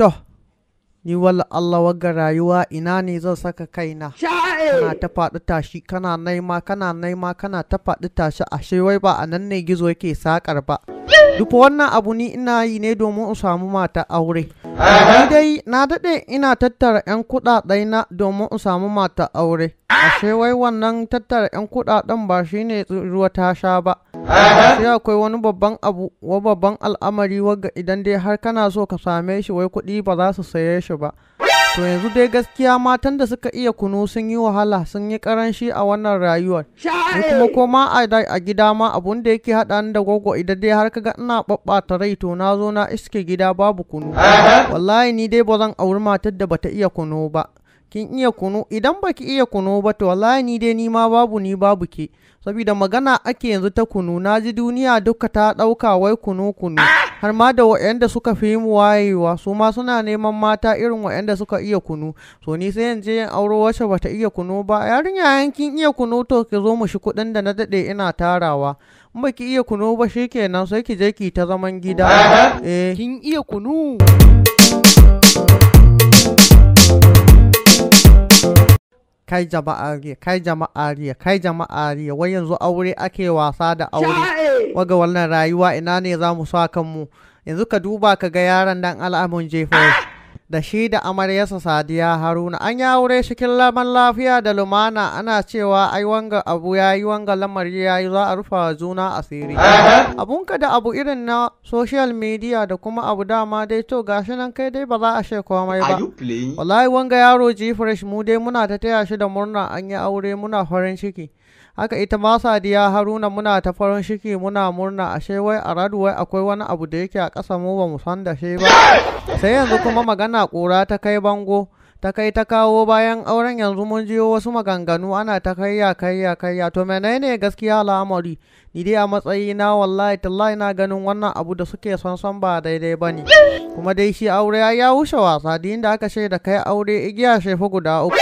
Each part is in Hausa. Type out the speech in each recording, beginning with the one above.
to ni wala Allah waga rayuwa ina ne zan saka kaina kana ta faɗi tashi kana naima kana naima kana ta faɗi tashi ashe wai ba a nan ne gizo yake sakar ba duk wannan abu ni ina yi ne domin in samu mata aure Ni dai na daɗe ina tattara 'yan kuɗaɗe na domin in samu mata aure. Ashe wai wannan tattara 'yan kuɗaɗen ba shi ne ruwa ta sha ba. Sai akwai wani babban abu wa babban al'amari ga idan dai har kana so ka same shi wai kuɗi ba za su saye shi ba. To yanzu dai gaskiya matan da suka iya kunu sun yi wahala sun yi karanshi a wannan rayuwar. Ni kuma ko a gida ma abun da yake haɗa ni da gogo idan dai har kaga ina ɓaɓɓata rai to na zo na iske gida babu kunu. Wallahi ni dai ba zan auri matar da bata iya kunu ba. kin iya kunu idan baki iya kunu ba to wallahi ni dai ni ma babu ni babu ke saboda magana ake yanzu ta kunu na ji duniya duka ta ɗauka wai kunu kunu har ma da waɗanda suka fi mu wayewa su ma suna neman mata irin waɗanda suka iya kunu so ni sai yanzu yin auro wacce bata iya kunu ba yarinya yankin iya kunu to ki zo mu shi kuɗin da na daɗe ina tarawa in baki iya kunu ba kenan sai ki je ki ta zaman gida eh kin iya kunu kai jama'a ne kai jama'a kai jama'a wai yanzu aure ake wasa da aure waga wannan rayuwa ina ne za mu sa kanmu yanzu ka duba ka ga yaran dan al'amun jefa ah! da shi da amaryarsa Sadiya Haruna an ya aure cikin kin lafiya da lumana ana cewa ai wanga abu ya yi wanga lamari ya yi za a rufa juna asiri. Abunka da abu irin na social media da kuma abu dama dai to gashi nan kai dai ba za a she komai ba. Wallahi wanga yaro ji fresh mu dai muna ta taya shi da murna an yi aure muna farin ciki. haka ita ma sadiya haruna muna ta farin ciki muna murna ashe wai a raduwai akwai wani abu da yake a kasa mu ba mu san da shi ba sai yanzu kuma magana ƙura ta kai bango ta kai ta kawo bayan auren yanzu mun jiyo wasu maganganu ana ta ya kai ya to menene gaskiya al'amari ni dai a matsayi na wallahi tallahi na ganin wannan abu da suke son ba daidai ba ne kuma dai shi aure ya wuce wasa da aka shaida kai aure igiya shefu guda uku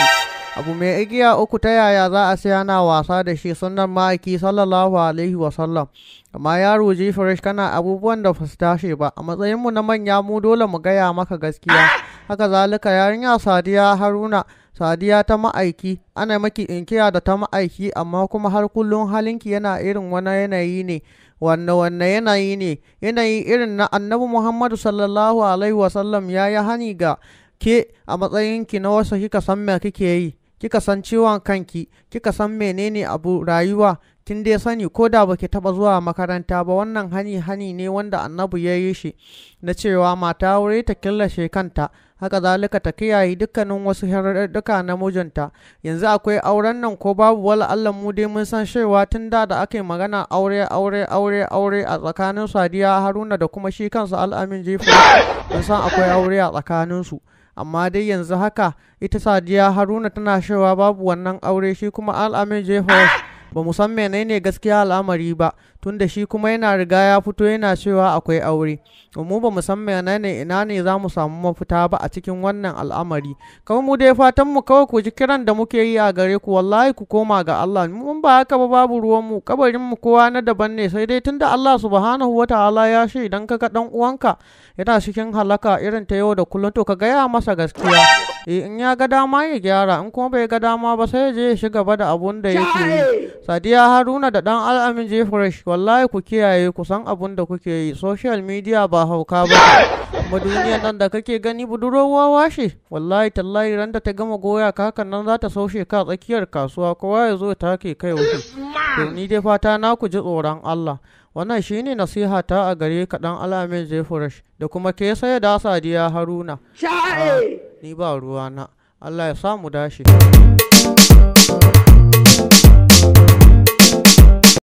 abu mai igiya uku ta yaya za a sai ana wasa da shi sunan ma'aiki sallallahu alaihi wasallam amma yaro firish kana abubuwan da basu tashe ba a matsayinmu na manya mu dole mu gaya maka gaskiya haka zalika yarinya sadiya haruna sadiya ta ma'aiki ana maki inkiya da ta ma'aiki amma kuma har kullum halinki yana irin wani yanayi ne wanne wanne yanayi ne yanayi irin na annabi muhammadu sallallahu alaihi wasallam ya yi hani ga ke a matsayinki na wasu kika san me kike yi kika san ciwon kanki kika san menene abu rayuwa kin dai sani ko da baki taba zuwa makaranta ba wannan hani hani ne wanda annabi ya yi shi na cewa mata wuri ta killashe kanta haka zalika ta kiyaye dukkanin wasu hirarruka na mijinta yanzu akwai auren nan ko babu wala Allah mu dai mun san cewa tun da da ake magana aure aure aure aure a tsakanin Sadiya Haruna da kuma shi kansa Al'amin Jefa mun san akwai aure a tsakaninsu amma dai yanzu haka ita sadiya haruna tana shawa babu wannan aure shi kuma al'amin jefa ah! ba mu san menene gaskiya al'amari ba tunda shi kuma yana riga ya fito yana cewa akwai aure mu ba mu san menene ina ne za mu samu mafita ba a cikin wannan al'amari kawai mu dai fatan mu kawai ku ji kiran da muke yi a gare ku wallahi ku koma ga Allah mun ba haka ba babu ruwan mu kabarin mu kowa na daban ne sai dai tunda Allah subhanahu wataala ya ce idan kaga dan uwanka yana cikin halaka irin ta yau da kullum to ka gaya masa gaskiya Eh, in ya ga dama ya gyara in kuma bai ga dama ba sai ya je ya shi gaba da abun da yake yi sadiya haruna da dan al'amin je fresh wallahi ku kiyaye ku san abun da kuke yi social media ba hauka ba kuma duniyan nan da kake gani budurowa washe wallahi tallahi ran da ta gama goya ka hakan nan za ta saushe ka tsakiyar kasuwa kowa ya zo ta ke kai wuce to ni dai fata na ku ji tsoron Allah wannan shine nasiha ta a gare ka dan alamin zefurash da kuma ke sai da sadiya haruna ni ba ruwana Allah ya samu dashi